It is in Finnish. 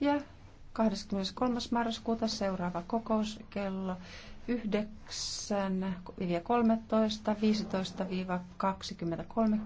Ja 23. marraskuuta seuraava kokous kello 9.13, 15-20.30.